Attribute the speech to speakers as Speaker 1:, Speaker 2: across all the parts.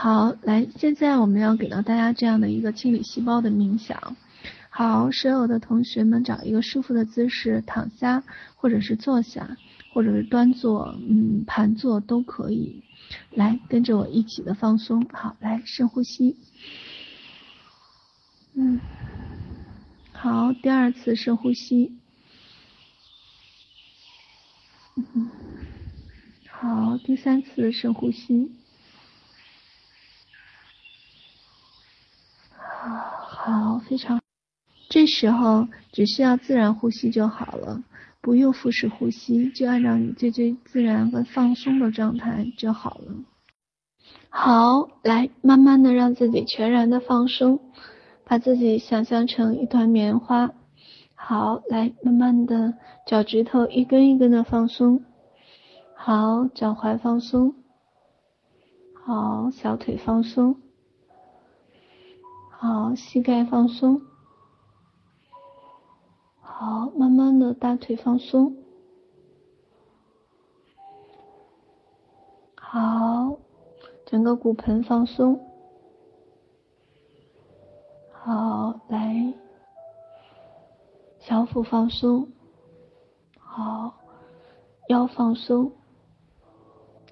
Speaker 1: 好，來，現在我們要給到大家這樣的一個清理細胞的冥想。好，所有的同學們找一個舒服的姿勢，躺下，或者是坐下，或者是端坐，嗯，盤坐都可以。來，跟着我一起的放鬆。好，來，深呼吸。嗯，好，第二次深呼吸。嗯，好，第三次深呼吸。好，非常好。這時候只需要自然呼吸就好了，不用腹式呼吸，就按照你最最自然和放鬆的狀態就好了。好，來，慢慢的讓自己全然的放鬆，把自己想象成一團棉花。好，來，慢慢的腳趾頭一根一根的放鬆，好，腳踝放鬆，好，小腿放鬆。好，膝蓋放鬆。好，慢慢的大腿放鬆。好，整個骨盆放鬆。好，來，小腹放鬆。好，腰放鬆。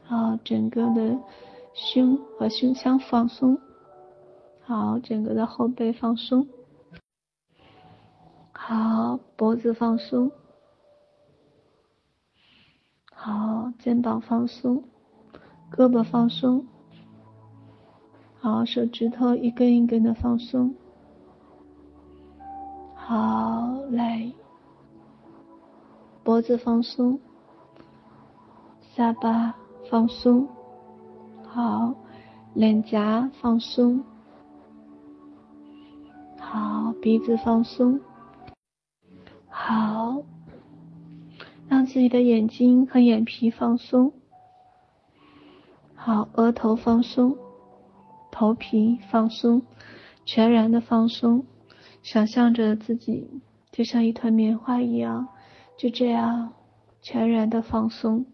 Speaker 1: 好，整個的胸和胸腔放鬆。好，整個的後背放鬆。好，脖子放鬆。好，肩膀放鬆，胳膊放鬆。好，手指頭一根一根的放鬆。好，來，脖子放鬆，下巴放鬆。好，臉頰放鬆。好，鼻子放鬆，好，讓自己的眼睛和眼皮放鬆，好，額頭放鬆，頭皮放鬆，全然的放鬆，想象着自己就像一團棉花一樣，就這樣全然的放鬆。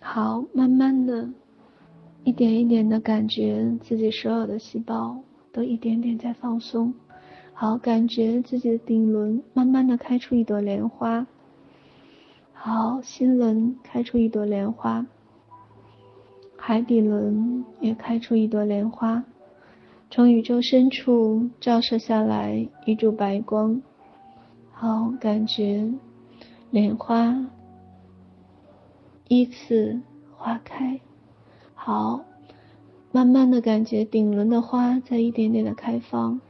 Speaker 1: 好，慢慢的一點一點的感覺自己所有的細胞都一點點在放鬆。好，感覺自己的頂輪慢慢的開出一朵蓮花。好，心輪開出一朵蓮花，海底輪也開出一朵蓮花，從宇宙深處照射下來一柱白光。好，感覺蓮花依次花開。好，慢慢的感覺頂輪的花在一點點的開放。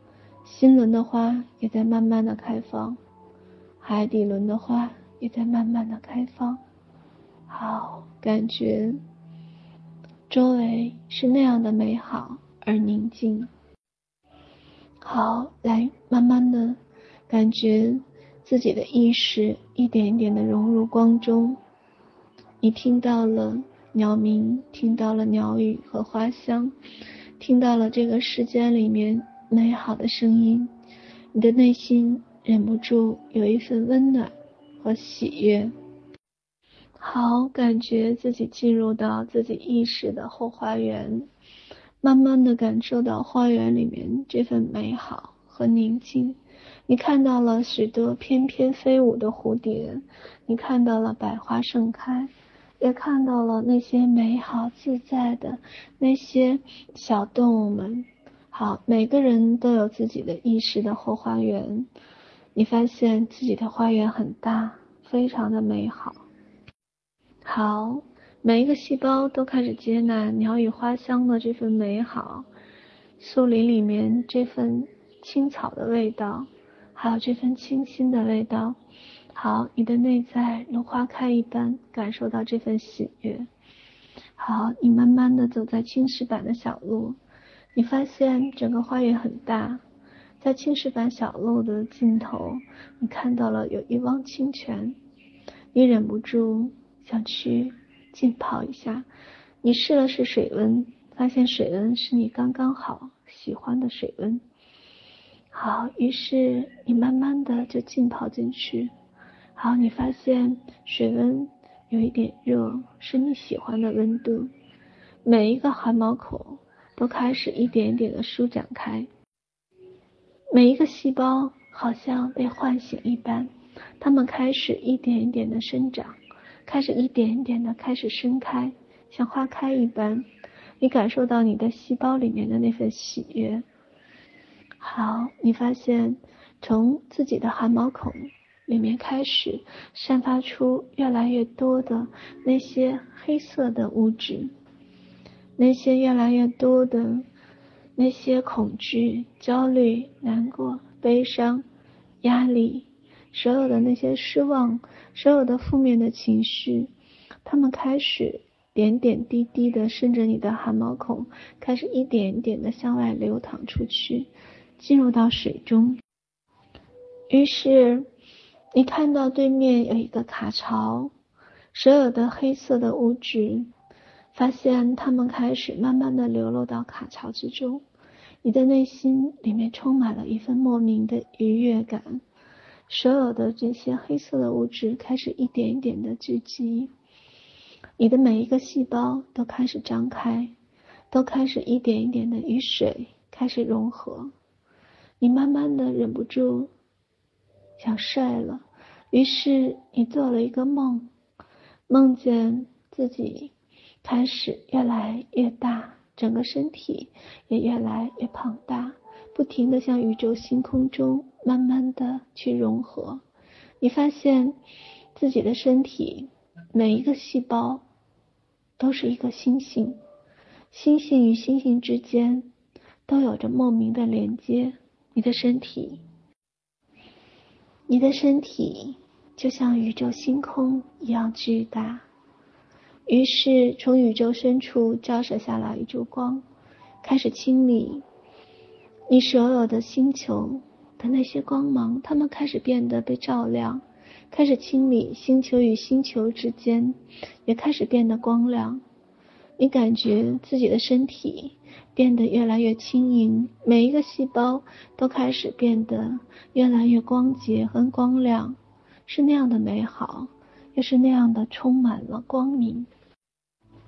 Speaker 1: 心輪的花也在慢慢的開放，海底輪的花也在慢慢的開放，好，感覺周圍是那樣的美好而寧靜。好，來慢慢的感覺自己的意識一點一點的融入光中，你聽到了鳥鳴，聽到了鳥語和花香，聽到了這個世間裡面。美好的聲音，你的內心忍不住有一份溫暖和喜悅。好，感覺自己進入到自己意識的後花園，慢慢的感受到花園裡面這份美好和寧靜。你看到了許多翩翩飛舞的蝴蝶，你看到了百花盛開，也看到了那些美好自在的那些小動物們。好，每個人都有自己的意識的後花園。你發現自己的花園很大，非常的美好。好，每一個細胞都開始接納鳥語花香的這份美好，樹林裡面這份青草的味道，還有這份清新的味道。好，你的內在如花開一般感受到這份喜悅。好，你慢慢的走在青石板的小路。你發現整個花園很大，在青石板小路的盡頭，你看到了有一汪清泉，你忍不住想去浸泡一下。你試了試水溫，發現水溫是你剛剛好喜歡的水溫。好，於是你慢慢的就浸泡進去。好，你發現水溫有一點熱，是你喜歡的溫度。每一個汗毛孔。都開始一點一點的舒展開，每一個細胞好像被喚醒一般，它們開始一點一點的生長，開始一點一點的開始盛開，像花開一般。你感受到你的細胞裡面的那份喜悅。好，你發現從自己的汗毛孔裡面開始散發出越來越多的那些黑色的物質。那些越來越多的那些恐懼、焦慮、難過、悲傷、壓力，所有的那些失望，所有的負面的情緒，他們開始點點滴滴的順着你的汗毛孔，開始一點一點的向外流淌出去，進入到水中。於是你看到對面有一個卡槽，所有的黑色的物質。發現它們開始慢慢的流落到卡槽之中，你的內心裡面充滿了一份莫名的愉悅感，所有的這些黑色的物質開始一點一點的聚集，你的每一個細胞都開始張開，都開始一點一點的與水開始融合，你慢慢的忍不住想睡了，於是你做了一個夢，夢見自己。開始越來越大，整個身體也越來越龐大，不停的向宇宙星空中慢慢的去融合。你發現自己的身體每一個細胞都是一個星星，星星與星星之間都有着莫名的連接。你的身體，你的身體就像宇宙星空一樣巨大。於是，從宇宙深處照射下來一束光，開始清理你所有的星球的那些光芒，它們開始變得被照亮，開始清理星球與星球之間，也開始變得光亮。你感覺自己的身體變得越來越輕盈，每一個細胞都開始變得越來越光潔和光亮，是那樣的美好。就是那樣的充滿了光明，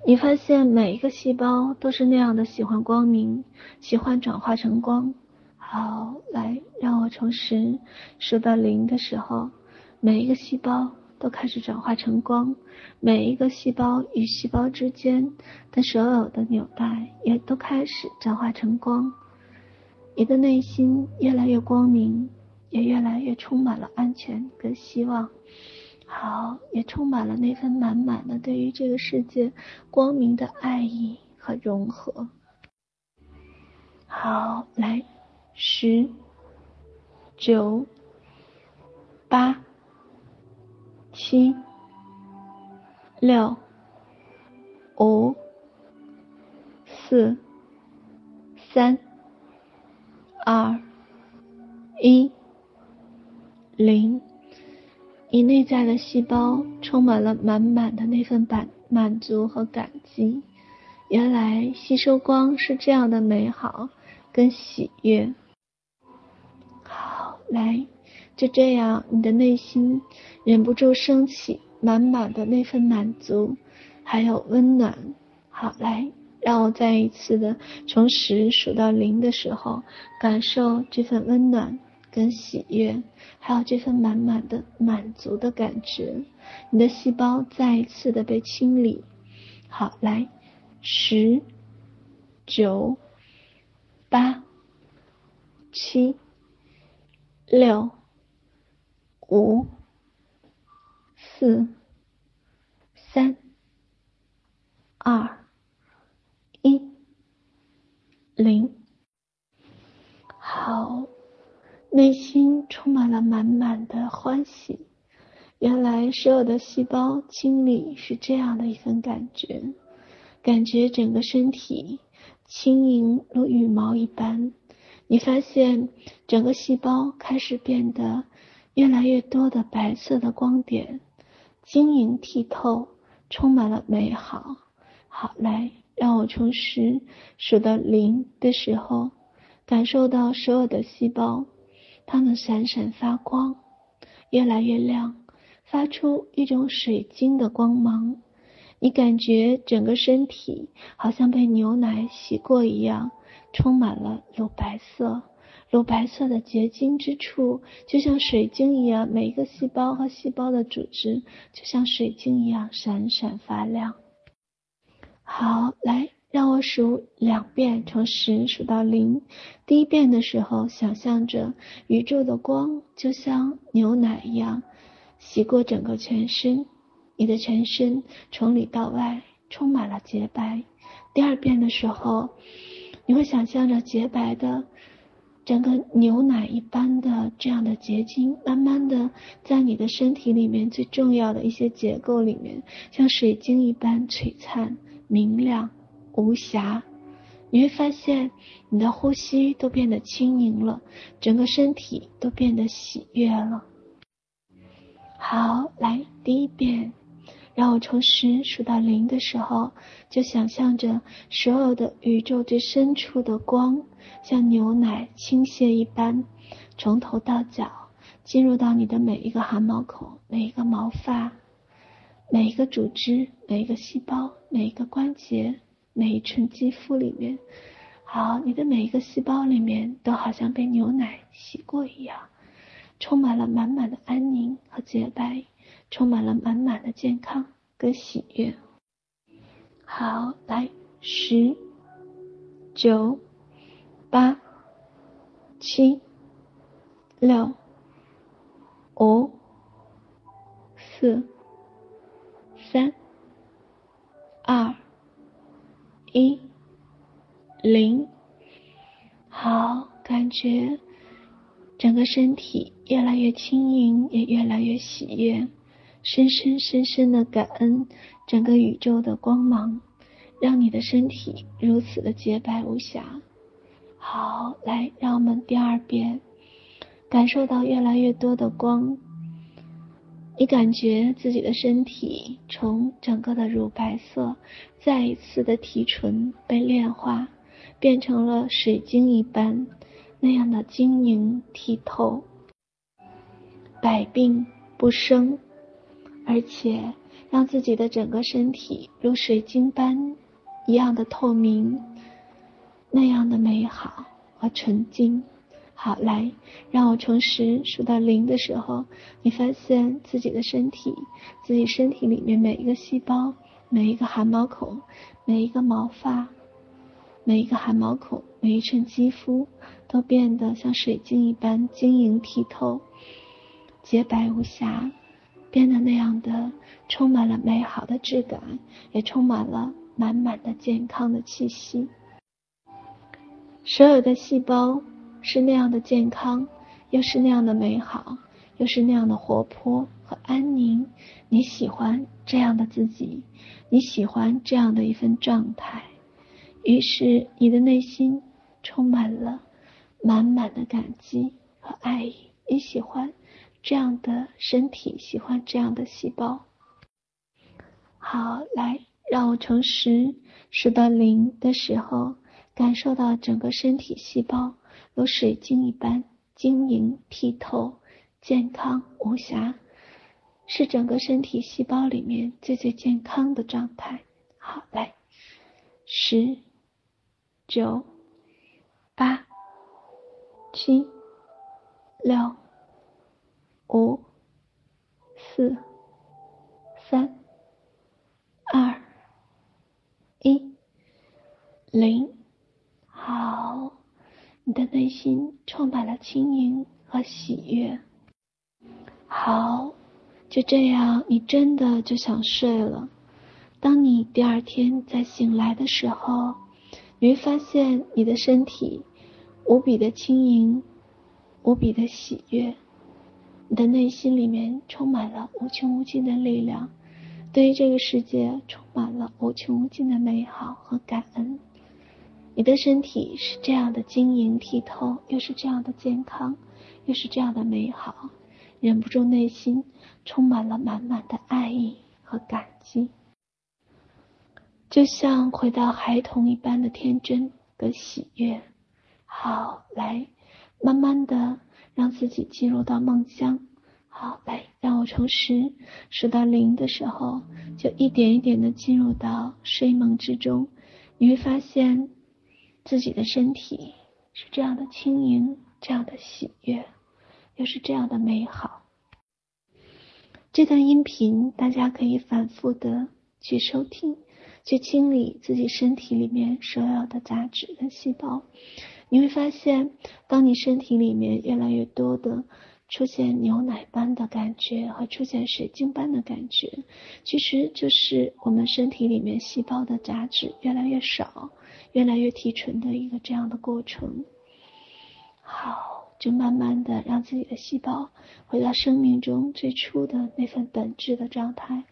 Speaker 1: 你發現每一個細胞都是那樣的喜歡光明，喜歡轉化成光。好，來讓我從十數到零的時候，每一個細胞都開始轉化成光，每一個細胞與細胞之間的所有的紐帶也都開始轉化成光。你的內心越來越光明，也越來越充滿了安全跟希望。好，也充滿了那份滿滿的對於這個世界光明的愛意和融合。好，來，十、九、八、七、六、五、四、三、二、一、零。你內在的細胞充滿了滿滿的那份滿滿足和感激。原來吸收光是這樣的美好跟喜悅。好，來，就這樣，你的內心忍不住升起滿滿的那份滿足，還有溫暖。好，來，讓我再一次的從十數到零的時候，感受這份溫暖。跟喜悅，還有這份滿滿的滿足的感覺，你的細胞再一次的被清理。好，來，十、九、八、七、六、五、四、三、二、一、零，好。內心充滿了滿滿的歡喜。原來所有的細胞清理是這樣的一份感覺，感覺整個身體輕盈如羽毛一般。你發現整個細胞開始變得越來越多的白色的光點，晶瑩剔透，充滿了美好。好，來，讓我從十數到零的時候，感受到所有的細胞。它們閃閃發光，越來越亮，發出一種水晶的光芒。你感覺整個身體好像被牛奶洗過一樣，充滿了乳白色。乳白色的結晶之處，就像水晶一樣，每一個細胞和細胞的組織，就像水晶一樣閃閃發亮。好，來。讓我數兩遍，從十數到零。第一遍的時候，想象着宇宙的光就像牛奶一樣，洗過整個全身，你的全身從裡到外充滿了潔白。第二遍的時候，你會想象着潔白的整個牛奶一般的這樣的結晶，慢慢的在你的身體裡面最重要的一些結構裡面，像水晶一般璀璨明亮。無瑕，你會發現你的呼吸都變得輕盈了，整個身體都變得喜悅了。好，來第一遍，讓我從十數到零的時候，就想象着所有的宇宙最深處的光，像牛奶傾瀉一般，從頭到腳進入到你的每一個汗毛孔、每一個毛髮、每一個組織、每一個細胞、每一個細胞、每一個關節。每一寸肌膚裡面，好，你的每一個細胞裡面都好像被牛奶洗過一樣，充滿了滿滿的安寧和潔白，充滿了滿滿的健康跟喜悅。好，來，十、九、八、七、六、五、四、三。一零，好，感覺整個身體越來越輕盈，也越來越喜悅。深深深深的感恩整個宇宙的光芒，讓你的身體如此的潔白無瑕。好，來，讓我們第二遍，感受到越來越多的光。你感覺自己的身體從整個的乳白色，再一次的提純被煉化，變成了水晶一般那樣的晶瑩剔透，百病不生，而且讓自己的整個身體如水晶般一樣的透明，那樣的美好和純淨。好，來，讓我從十數到零的時候，你發現自己的身體，自己身體裡面每一個細胞，每一個汗毛孔，每一個毛髮，每一個汗毛孔，每一寸肌膚，都變得像水晶一般晶瑩剔透、潔白無瑕，變得那樣的充滿了美好的質感，也充滿了滿滿的健康的氣息。所有的細胞。是那樣的健康，又是那樣的美好，又是那樣的活潑和安寧。你喜歡這樣的自己，你喜歡這樣的一份狀態，於是你的內心充滿了滿滿的感激和愛意。你喜歡這樣的身體，喜歡這樣的細胞。好，來，讓我從十數到零的時候，感受到整個身體細胞。有水晶一般晶瑩剔透、健康無瑕，是整個身體細胞裡面最最健康的狀態。好，來。十、九、八、七、六、五、四、三、二、一、零。你的內心充滿了輕盈和喜悅。好，就這樣，你真的就想睡了。當你第二天再醒來的時候，你會發現你的身體無比的輕盈，無比的喜悅。你的內心裡面充滿了無窮無盡的力量，對於這個世界充滿了無窮無盡的美好和感恩。你的身體是這樣的晶瑩剔透，又是這樣的健康，又是這樣的美好，忍不住內心充滿了滿滿的愛意和感激，就像回到孩童一般的天真和喜悅。好，來，慢慢的讓自己進入到夢鄉。好，來，讓我從十數到零的時候，就一點一點的進入到睡夢之中，你會發現。自己的身體是這樣的輕盈，這樣的喜悅，又是這樣的美好。這段音頻大家可以反覆的去收聽，去清理自己身體裡面所有的雜質跟細胞，你會發現，當你身體裡面越來越多的。出現牛奶般的感覺和出現水晶般的感覺，其實就是我們身體裡面細胞的雜質越來越少，越來越提純的一個這樣的過程。好，就慢慢的讓自己的細胞回到生命中最初的那份本質的狀態，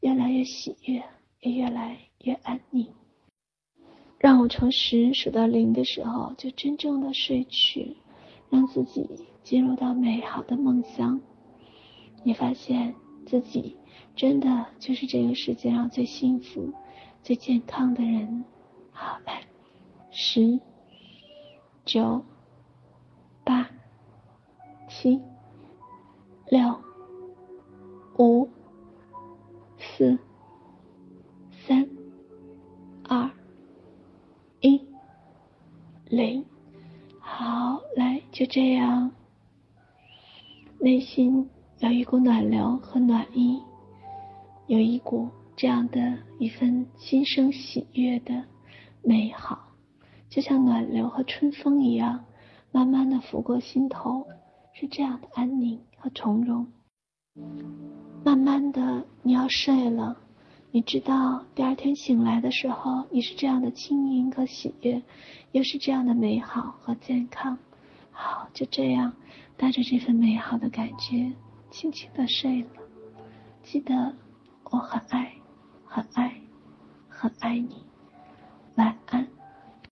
Speaker 1: 越來越喜悅，也越來越安寧。讓我從十數到零的時候，就真正的睡去，讓自己。進入到美好的夢鄉，你發現自己真的就是這個世界上最幸福、最健康的人。好，來，十、九、八、七、六、五、四、三、二、一、零。好，來，就這樣。內心有一股暖流和暖意，有一股這樣的一份心生喜悅的美好，就像暖流和春風一樣，慢慢的拂過心頭，是這樣的安寧和從容。慢慢的，你要睡了，你知道第二天醒來的時候，你是這樣的輕盈和喜悅，又是這樣的美好和健康。好，就這樣。帶着這份美好的感覺，輕輕的睡了。記得，我很愛，很愛，很愛你。晚安。